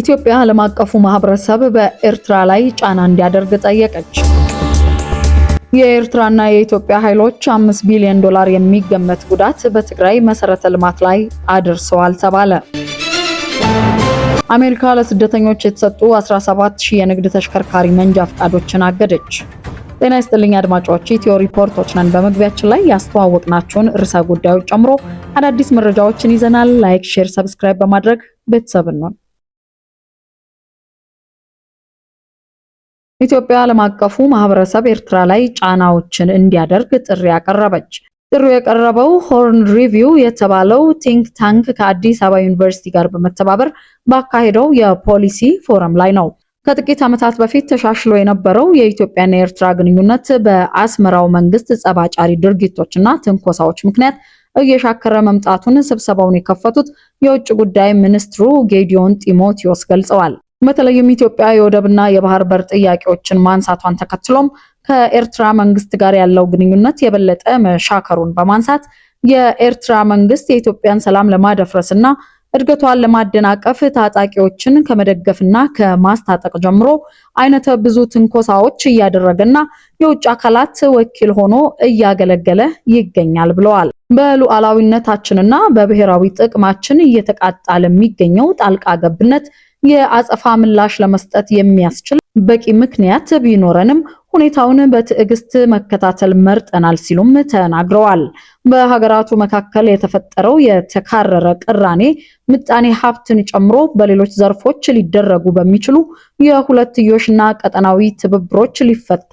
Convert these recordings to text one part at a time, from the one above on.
ኢትዮጵያ ዓለም አቀፉ ማህበረሰብ በኤርትራ ላይ ጫና እንዲያደርግ ጠየቀች። የኤርትራና የኢትዮጵያ ኃይሎች አምስት ቢሊዮን ዶላር የሚገመት ጉዳት በትግራይ መሰረተ ልማት ላይ አድርሰዋል ተባለ። አሜሪካ ለስደተኞች የተሰጡ 17000 ሺህ የንግድ ተሽከርካሪ መንጃ ፈቃዶችን አገደች። ጤና ይስጥልኝ አድማጮች፣ ኢትዮ ሪፖርቶች ነን። በመግቢያችን ላይ ያስተዋወቅናችሁን ርዕሰ ጉዳዮች ጨምሮ አዳዲስ መረጃዎችን ይዘናል። ላይክ፣ ሼር፣ ሰብስክራይብ በማድረግ ቤተሰብን ኢትዮጵያ ዓለም አቀፉ ማህበረሰብ ኤርትራ ላይ ጫናዎችን እንዲያደርግ ጥሪ አቀረበች። ጥሪው የቀረበው ሆርን ሪቪው የተባለው ቲንክ ታንክ ከአዲስ አበባ ዩኒቨርሲቲ ጋር በመተባበር ባካሄደው የፖሊሲ ፎረም ላይ ነው። ከጥቂት ዓመታት በፊት ተሻሽሎ የነበረው የኢትዮጵያና የኤርትራ ግንኙነት በአስመራው መንግስት ጸባጫሪ ድርጊቶችና ትንኮሳዎች ምክንያት እየሻከረ መምጣቱን ስብሰባውን የከፈቱት የውጭ ጉዳይ ሚኒስትሩ ጌዲዮን ጢሞቴዎስ ገልጸዋል። በተለይም ኢትዮጵያ የወደብና የባህር በር ጥያቄዎችን ማንሳቷን ተከትሎም ከኤርትራ መንግስት ጋር ያለው ግንኙነት የበለጠ መሻከሩን በማንሳት የኤርትራ መንግስት የኢትዮጵያን ሰላም ለማደፍረስና እድገቷን ለማደናቀፍ ታጣቂዎችን ከመደገፍና ከማስታጠቅ ጀምሮ አይነተ ብዙ ትንኮሳዎች እያደረገና የውጭ አካላት ወኪል ሆኖ እያገለገለ ይገኛል ብለዋል። በሉዓላዊነታችንና በብሔራዊ ጥቅማችን እየተቃጣ ለሚገኘው ጣልቃ ገብነት የአጸፋ ምላሽ ለመስጠት የሚያስችል በቂ ምክንያት ቢኖረንም ሁኔታውን በትዕግስት መከታተል መርጠናል ሲሉም ተናግረዋል። በሀገራቱ መካከል የተፈጠረው የተካረረ ቅራኔ ምጣኔ ሀብትን ጨምሮ በሌሎች ዘርፎች ሊደረጉ በሚችሉ የሁለትዮሽና ቀጠናዊ ትብብሮች ሊፈታ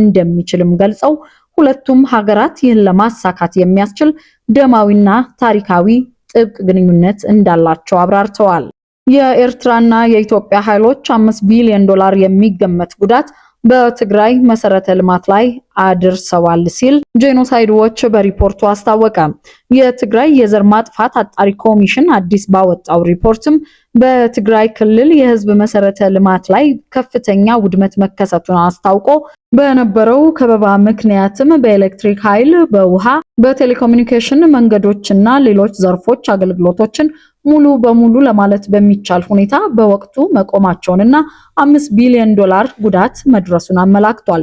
እንደሚችልም ገልጸው ሁለቱም ሀገራት ይህን ለማሳካት የሚያስችል ደማዊና ታሪካዊ ጥብቅ ግንኙነት እንዳላቸው አብራርተዋል። የኤርትራና የኢትዮጵያ ኃይሎች አምስት ቢሊዮን ዶላር የሚገመት ጉዳት በትግራይ መሰረተ ልማት ላይ አድርሰዋል ሲል ጄኖሳይድ ዎች በሪፖርቱ አስታወቀ። የትግራይ የዘር ማጥፋት አጣሪ ኮሚሽን አዲስ ባወጣው ሪፖርትም በትግራይ ክልል የህዝብ መሰረተ ልማት ላይ ከፍተኛ ውድመት መከሰቱን አስታውቆ በነበረው ከበባ ምክንያትም በኤሌክትሪክ ኃይል፣ በውሃ፣ በቴሌኮሙኒኬሽን፣ መንገዶችና ሌሎች ዘርፎች አገልግሎቶችን ሙሉ በሙሉ ለማለት በሚቻል ሁኔታ በወቅቱ መቆማቸውንና አምስት ቢሊዮን ዶላር ጉዳት መድረሱን አመላክቷል።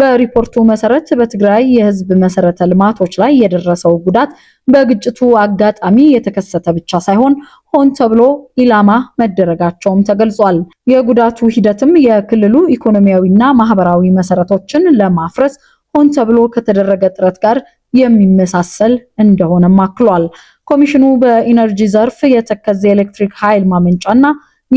በሪፖርቱ መሰረት በትግራይ የህዝብ መሰረተ ልማቶች ላይ የደረሰው ጉዳት በግጭቱ አጋጣሚ የተከሰተ ብቻ ሳይሆን ሆን ተብሎ ኢላማ መደረጋቸውም ተገልጿል። የጉዳቱ ሂደትም የክልሉ ኢኮኖሚያዊና ማህበራዊ መሰረቶችን ለማፍረስ ሆን ተብሎ ከተደረገ ጥረት ጋር የሚመሳሰል እንደሆነም አክሏል። ኮሚሽኑ በኢነርጂ ዘርፍ የተከዘ የኤሌክትሪክ ኃይል ማመንጫና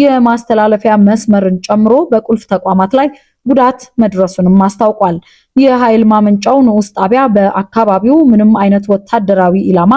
የማስተላለፊያ መስመርን ጨምሮ በቁልፍ ተቋማት ላይ ጉዳት መድረሱንም አስታውቋል። የኃይል ማመንጫው ንዑስ ጣቢያ በአካባቢው ምንም አይነት ወታደራዊ ኢላማ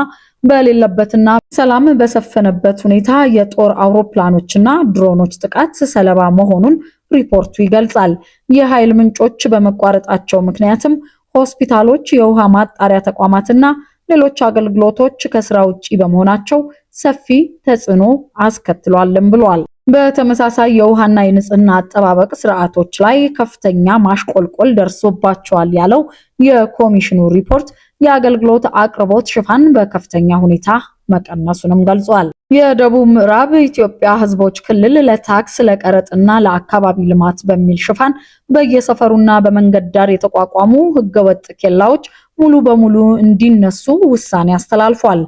በሌለበትና ሰላም በሰፈነበት ሁኔታ የጦር አውሮፕላኖችና ድሮኖች ጥቃት ሰለባ መሆኑን ሪፖርቱ ይገልጻል። የኃይል ምንጮች በመቋረጣቸው ምክንያትም ሆስፒታሎች፣ የውሃ ማጣሪያ ተቋማትና ሌሎች አገልግሎቶች ከስራ ውጪ በመሆናቸው ሰፊ ተጽዕኖ አስከትሏልም ብሏል። በተመሳሳይ የውሃና የንጽህና አጠባበቅ ስርዓቶች ላይ ከፍተኛ ማሽቆልቆል ደርሶባቸዋል ያለው የኮሚሽኑ ሪፖርት የአገልግሎት አቅርቦት ሽፋን በከፍተኛ ሁኔታ መቀነሱንም ገልጿል። የደቡብ ምዕራብ ኢትዮጵያ ሕዝቦች ክልል ለታክስ ለቀረጥና ለአካባቢ ልማት በሚል ሽፋን በየሰፈሩና በመንገድ ዳር የተቋቋሙ ህገወጥ ኬላዎች ሙሉ በሙሉ እንዲነሱ ውሳኔ አስተላልፏል።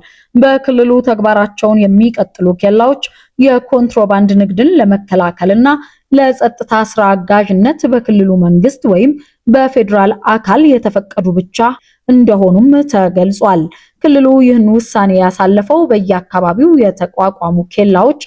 በክልሉ ተግባራቸውን የሚቀጥሉ ኬላዎች የኮንትሮባንድ ንግድን ለመከላከልና ለጸጥታ ስራ አጋዥነት በክልሉ መንግስት ወይም በፌዴራል አካል የተፈቀዱ ብቻ እንደሆኑም ተገልጿል። ክልሉ ይህን ውሳኔ ያሳለፈው በየአካባቢው የተቋቋሙ ኬላዎች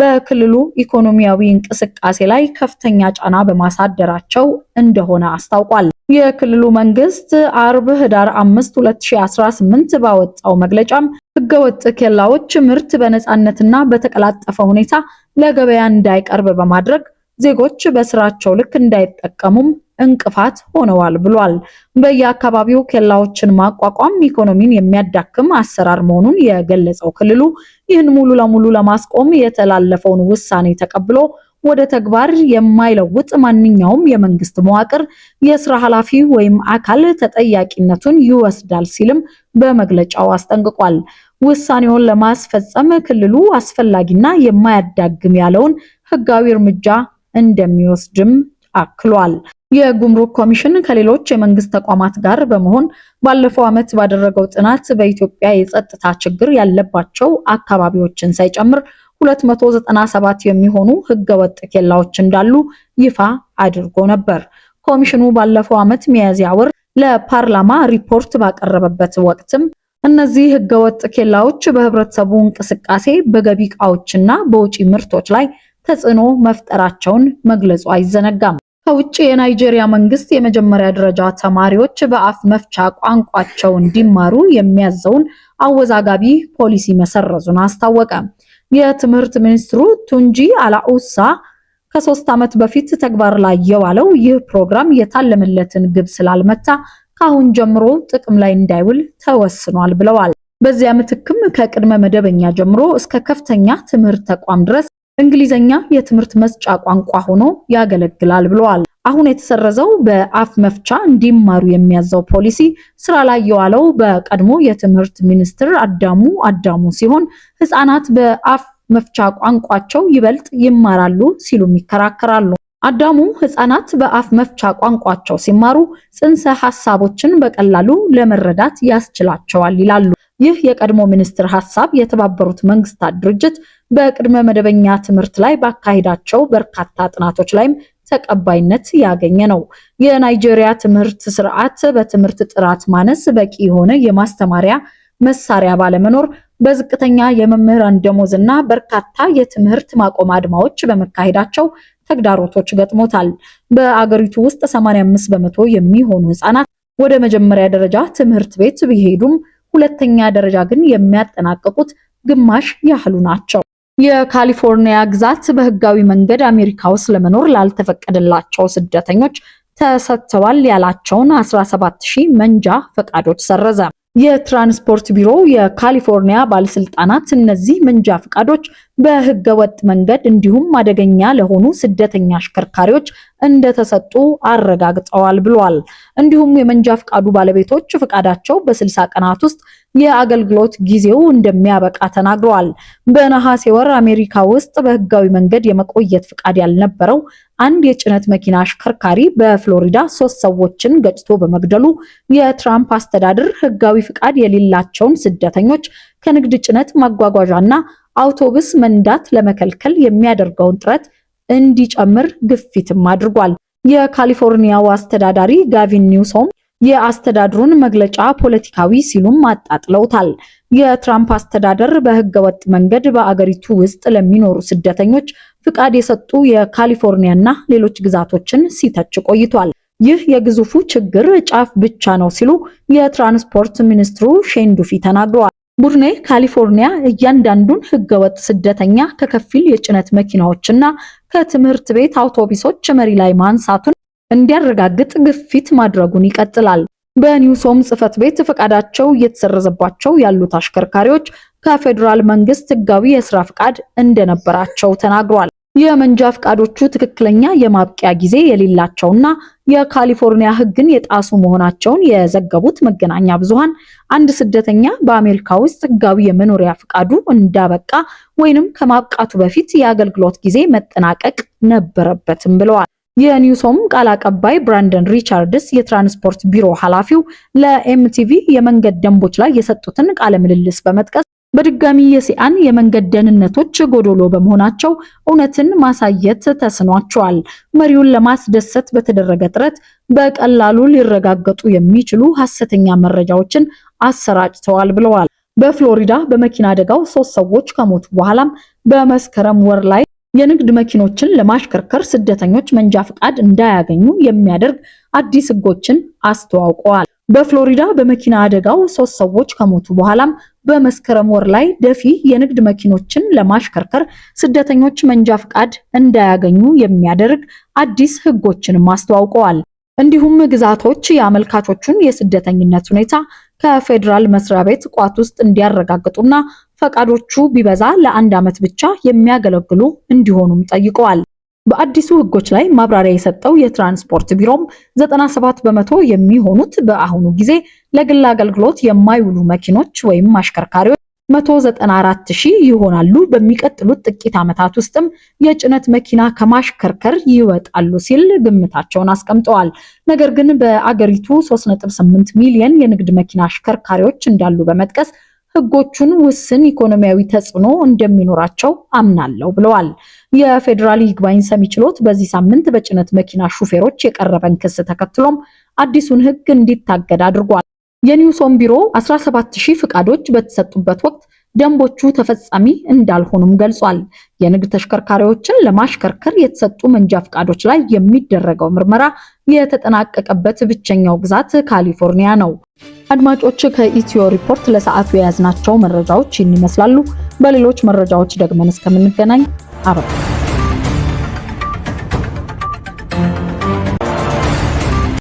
በክልሉ ኢኮኖሚያዊ እንቅስቃሴ ላይ ከፍተኛ ጫና በማሳደራቸው እንደሆነ አስታውቋል። የክልሉ መንግስት አርብ ህዳር 5 2018 ባወጣው መግለጫም ህገወጥ ኬላዎች ምርት በነፃነትና በተቀላጠፈ ሁኔታ ለገበያ እንዳይቀርብ በማድረግ ዜጎች በስራቸው ልክ እንዳይጠቀሙም እንቅፋት ሆነዋል ብሏል። በየአካባቢው ኬላዎችን ማቋቋም ኢኮኖሚን የሚያዳክም አሰራር መሆኑን የገለጸው ክልሉ ይህን ሙሉ ለሙሉ ለማስቆም የተላለፈውን ውሳኔ ተቀብሎ ወደ ተግባር የማይለውጥ ማንኛውም የመንግስት መዋቅር የስራ ኃላፊ ወይም አካል ተጠያቂነቱን ይወስዳል ሲልም በመግለጫው አስጠንቅቋል። ውሳኔውን ለማስፈጸም ክልሉ አስፈላጊና የማያዳግም ያለውን ህጋዊ እርምጃ እንደሚወስድም አክሏል። የጉምሩክ ኮሚሽን ከሌሎች የመንግስት ተቋማት ጋር በመሆን ባለፈው ዓመት ባደረገው ጥናት በኢትዮጵያ የጸጥታ ችግር ያለባቸው አካባቢዎችን ሳይጨምር 297 የሚሆኑ ህገወጥ ኬላዎች እንዳሉ ይፋ አድርጎ ነበር። ኮሚሽኑ ባለፈው ዓመት ሚያዝያ ወር ለፓርላማ ሪፖርት ባቀረበበት ወቅትም እነዚህ ህገወጥ ኬላዎች በህብረተሰቡ እንቅስቃሴ፣ በገቢ እቃዎችና በውጪ ምርቶች ላይ ተጽዕኖ መፍጠራቸውን መግለጹ አይዘነጋም። ከውጭ የናይጄሪያ መንግስት የመጀመሪያ ደረጃ ተማሪዎች በአፍ መፍቻ ቋንቋቸው እንዲማሩ የሚያዘውን አወዛጋቢ ፖሊሲ መሰረዙን አስታወቀ። የትምህርት ሚኒስትሩ ቱንጂ አላኡሳ ከሶስት ዓመት በፊት ተግባር ላይ የዋለው ይህ ፕሮግራም የታለመለትን ግብ ስላልመታ ከአሁን ጀምሮ ጥቅም ላይ እንዳይውል ተወስኗል ብለዋል። በዚያ ምትክም ከቅድመ መደበኛ ጀምሮ እስከ ከፍተኛ ትምህርት ተቋም ድረስ እንግሊዘኛ የትምህርት መስጫ ቋንቋ ሆኖ ያገለግላል ብለዋል። አሁን የተሰረዘው በአፍ መፍቻ እንዲማሩ የሚያዘው ፖሊሲ ስራ ላይ የዋለው በቀድሞ የትምህርት ሚኒስትር አዳሙ አዳሙ ሲሆን ህፃናት በአፍ መፍቻ ቋንቋቸው ይበልጥ ይማራሉ ሲሉም ይከራከራሉ። አዳሙ ህፃናት በአፍ መፍቻ ቋንቋቸው ሲማሩ ጽንሰ ሀሳቦችን በቀላሉ ለመረዳት ያስችላቸዋል ይላሉ። ይህ የቀድሞ ሚኒስትር ሀሳብ የተባበሩት መንግስታት ድርጅት በቅድመ መደበኛ ትምህርት ላይ ባካሄዳቸው በርካታ ጥናቶች ላይም ተቀባይነት ያገኘ ነው። የናይጄሪያ ትምህርት ስርዓት በትምህርት ጥራት ማነስ፣ በቂ የሆነ የማስተማሪያ መሳሪያ ባለመኖር፣ በዝቅተኛ የመምህራን ደሞዝ እና በርካታ የትምህርት ማቆም አድማዎች በመካሄዳቸው ተግዳሮቶች ገጥሞታል። በአገሪቱ ውስጥ 85 በመቶ የሚሆኑ ህጻናት ወደ መጀመሪያ ደረጃ ትምህርት ቤት ቢሄዱም ሁለተኛ ደረጃ ግን የሚያጠናቅቁት ግማሽ ያህሉ ናቸው። የካሊፎርኒያ ግዛት በህጋዊ መንገድ አሜሪካ ውስጥ ለመኖር ላልተፈቀደላቸው ስደተኞች ተሰጥተዋል ያላቸውን 17000 መንጃ ፈቃዶች ሰረዘ። የትራንስፖርት ቢሮ የካሊፎርኒያ ባለስልጣናት እነዚህ መንጃ ፈቃዶች በህገ ወጥ መንገድ እንዲሁም አደገኛ ለሆኑ ስደተኛ አሽከርካሪዎች እንደተሰጡ አረጋግጠዋል ብሏል። እንዲሁም የመንጃ ፈቃዱ ባለቤቶች ፈቃዳቸው በ60 ቀናት ውስጥ የአገልግሎት ጊዜው እንደሚያበቃ ተናግረዋል። በነሐሴ ወር አሜሪካ ውስጥ በህጋዊ መንገድ የመቆየት ፍቃድ ያልነበረው አንድ የጭነት መኪና አሽከርካሪ በፍሎሪዳ ሶስት ሰዎችን ገጭቶ በመግደሉ የትራምፕ አስተዳደር ህጋዊ ፍቃድ የሌላቸውን ስደተኞች ከንግድ ጭነት ማጓጓዣና አውቶቡስ መንዳት ለመከልከል የሚያደርገውን ጥረት እንዲጨምር ግፊትም አድርጓል። የካሊፎርኒያው አስተዳዳሪ ጋቪን ኒውሶም የአስተዳድሩን መግለጫ ፖለቲካዊ ሲሉም አጣጥለውታል። የትራምፕ አስተዳደር በህገወጥ መንገድ በአገሪቱ ውስጥ ለሚኖሩ ስደተኞች ፍቃድ የሰጡ የካሊፎርኒያና ሌሎች ግዛቶችን ሲተች ቆይቷል። ይህ የግዙፉ ችግር ጫፍ ብቻ ነው ሲሉ የትራንስፖርት ሚኒስትሩ ሼን ዱፊ ተናግረዋል። ቡድኔ ካሊፎርኒያ እያንዳንዱን ህገወጥ ስደተኛ ከከፊል የጭነት መኪናዎችና ከትምህርት ቤት አውቶቡሶች መሪ ላይ ማንሳቱን እንዲያረጋግጥ ግፊት ማድረጉን ይቀጥላል። በኒውሶም ጽሕፈት ቤት ፈቃዳቸው እየተሰረዘባቸው ያሉት አሽከርካሪዎች ከፌዴራል መንግስት ሕጋዊ የስራ ፍቃድ እንደነበራቸው ተናግሯል። የመንጃ ፍቃዶቹ ትክክለኛ የማብቂያ ጊዜ የሌላቸውና የካሊፎርኒያ ህግን የጣሱ መሆናቸውን የዘገቡት መገናኛ ብዙሃን አንድ ስደተኛ በአሜሪካ ውስጥ ሕጋዊ የመኖሪያ ፍቃዱ እንዳበቃ ወይንም ከማብቃቱ በፊት የአገልግሎት ጊዜ መጠናቀቅ ነበረበትም ብለዋል። የኒውሶም ቃል አቀባይ ብራንደን ሪቻርድስ የትራንስፖርት ቢሮ ኃላፊው ለኤምቲቪ የመንገድ ደንቦች ላይ የሰጡትን ቃለ ምልልስ በመጥቀስ በድጋሚ የሲአን የመንገድ ደህንነቶች ጎዶሎ በመሆናቸው እውነትን ማሳየት ተስኗቸዋል። መሪውን ለማስደሰት በተደረገ ጥረት በቀላሉ ሊረጋገጡ የሚችሉ ሐሰተኛ መረጃዎችን አሰራጭተዋል ብለዋል። በፍሎሪዳ በመኪና አደጋው ሶስት ሰዎች ከሞቱ በኋላም በመስከረም ወር ላይ የንግድ መኪኖችን ለማሽከርከር ስደተኞች መንጃ ፍቃድ እንዳያገኙ የሚያደርግ አዲስ ህጎችን አስተዋውቀዋል። በፍሎሪዳ በመኪና አደጋው ሶስት ሰዎች ከሞቱ በኋላም በመስከረም ወር ላይ ደፊ የንግድ መኪኖችን ለማሽከርከር ስደተኞች መንጃ ፍቃድ እንዳያገኙ የሚያደርግ አዲስ ህጎችንም አስተዋውቀዋል። እንዲሁም ግዛቶች የአመልካቾቹን የስደተኝነት ሁኔታ ከፌዴራል መስሪያ ቤት ቋት ውስጥ እንዲያረጋግጡና ፈቃዶቹ ቢበዛ ለአንድ ዓመት ብቻ የሚያገለግሉ እንዲሆኑም ጠይቀዋል። በአዲሱ ህጎች ላይ ማብራሪያ የሰጠው የትራንስፖርት ቢሮም 97 በመቶ የሚሆኑት በአሁኑ ጊዜ ለግል አገልግሎት የማይውሉ መኪኖች ወይም አሽከርካሪዎች 194 ሺህ ይሆናሉ። በሚቀጥሉት ጥቂት ዓመታት ውስጥም የጭነት መኪና ከማሽከርከር ይወጣሉ ሲል ግምታቸውን አስቀምጠዋል። ነገር ግን በአገሪቱ 3.8 ሚሊዮን የንግድ መኪና አሽከርካሪዎች እንዳሉ በመጥቀስ ህጎቹን ውስን ኢኮኖሚያዊ ተጽዕኖ እንደሚኖራቸው አምናለሁ ብለዋል። የፌዴራል ይግባኝ ሰሚ ችሎት በዚህ ሳምንት በጭነት መኪና ሹፌሮች የቀረበን ክስ ተከትሎም አዲሱን ህግ እንዲታገድ አድርጓል። የኒውሶም ቢሮ 17000 ፍቃዶች በተሰጡበት ወቅት ደንቦቹ ተፈጻሚ እንዳልሆኑም ገልጿል። የንግድ ተሽከርካሪዎችን ለማሽከርከር የተሰጡ መንጃ ፍቃዶች ላይ የሚደረገው ምርመራ የተጠናቀቀበት ብቸኛው ግዛት ካሊፎርኒያ ነው። አድማጮች ከኢትዮ ሪፖርት ለሰዓቱ የያዝናቸው መረጃዎች ይህን ይመስላሉ። በሌሎች መረጃዎች ደግመን እስከምንገናኝ አበቃ።